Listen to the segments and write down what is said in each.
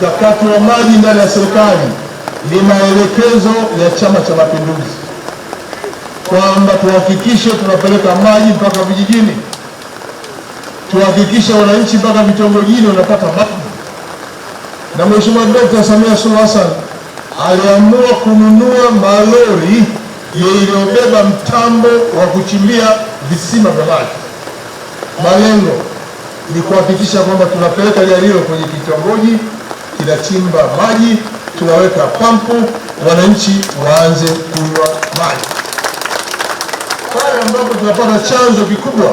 mkakati wa maji ndani ya serikali ni maelekezo ya Chama cha Mapinduzi kwamba tuhakikishe tunapeleka maji mpaka vijijini, tuhakikishe wananchi mpaka vitongojini wanapata maji. Na Mheshimiwa Dkt. Samia Suluhu Hassan aliamua kununua malori yaliyobeba mtambo wa kuchimbia visima vya maji. Malengo ni kuhakikisha kwamba tunapeleka jarilo kwenye kitongoji inachimba maji, tunaweka pampu, wananchi waanze kunywa maji. Pale ambapo tunapata chanzo kikubwa,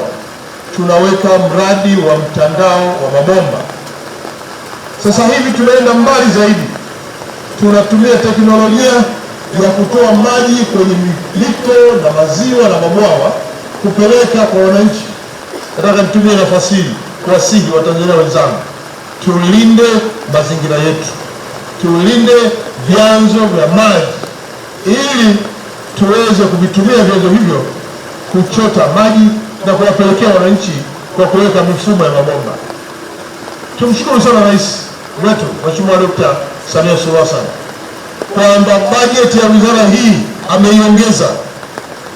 tunaweka mradi wa mtandao wa mabomba. Sasa hivi tunaenda mbali zaidi, tunatumia teknolojia ya kutoa maji kwenye mito na maziwa na mabwawa kupeleka kwa wananchi. Nataka nitumie nafasi hii kuwasihi Watanzania wenzangu tulinde mazingira yetu, tulinde vyanzo vya maji ili tuweze kuvitumia vyanzo hivyo kuchota maji na kuwapelekea wananchi kwa kuweka mifumo ya mabomba. Tumshukuru sana rais wetu Mheshimiwa Dkt. Samia Suluhu Hassan kwamba bajeti ya wizara hii ameiongeza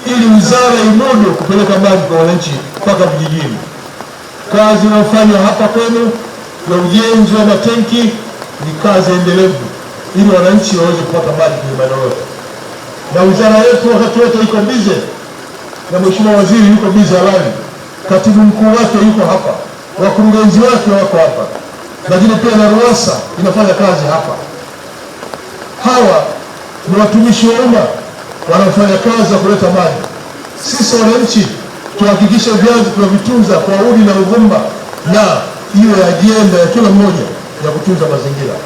ili wizara imudu kupeleka maji kwa wananchi mpaka vijijini. Kazi inayofanywa hapa kwenu na ujenzi wa matenki ni kazi endelevu, ili wananchi waweze kupata maji kwenye maeneo yote, na wizara yetu wakati wote iko bize, na mheshimiwa waziri yuko bize halali, katibu mkuu wake yuko hapa, wakurugenzi wake wako hapa, lakini pia na RUWASA inafanya kazi hapa. Hawa ni watumishi wa umma wanaofanya kazi ya kuleta maji. Sisi wananchi tuhakikishe vyanzo tunavitunza kwa udi na uvumba na iwe ajenda ya kila mmoja ya kutunza mazingira.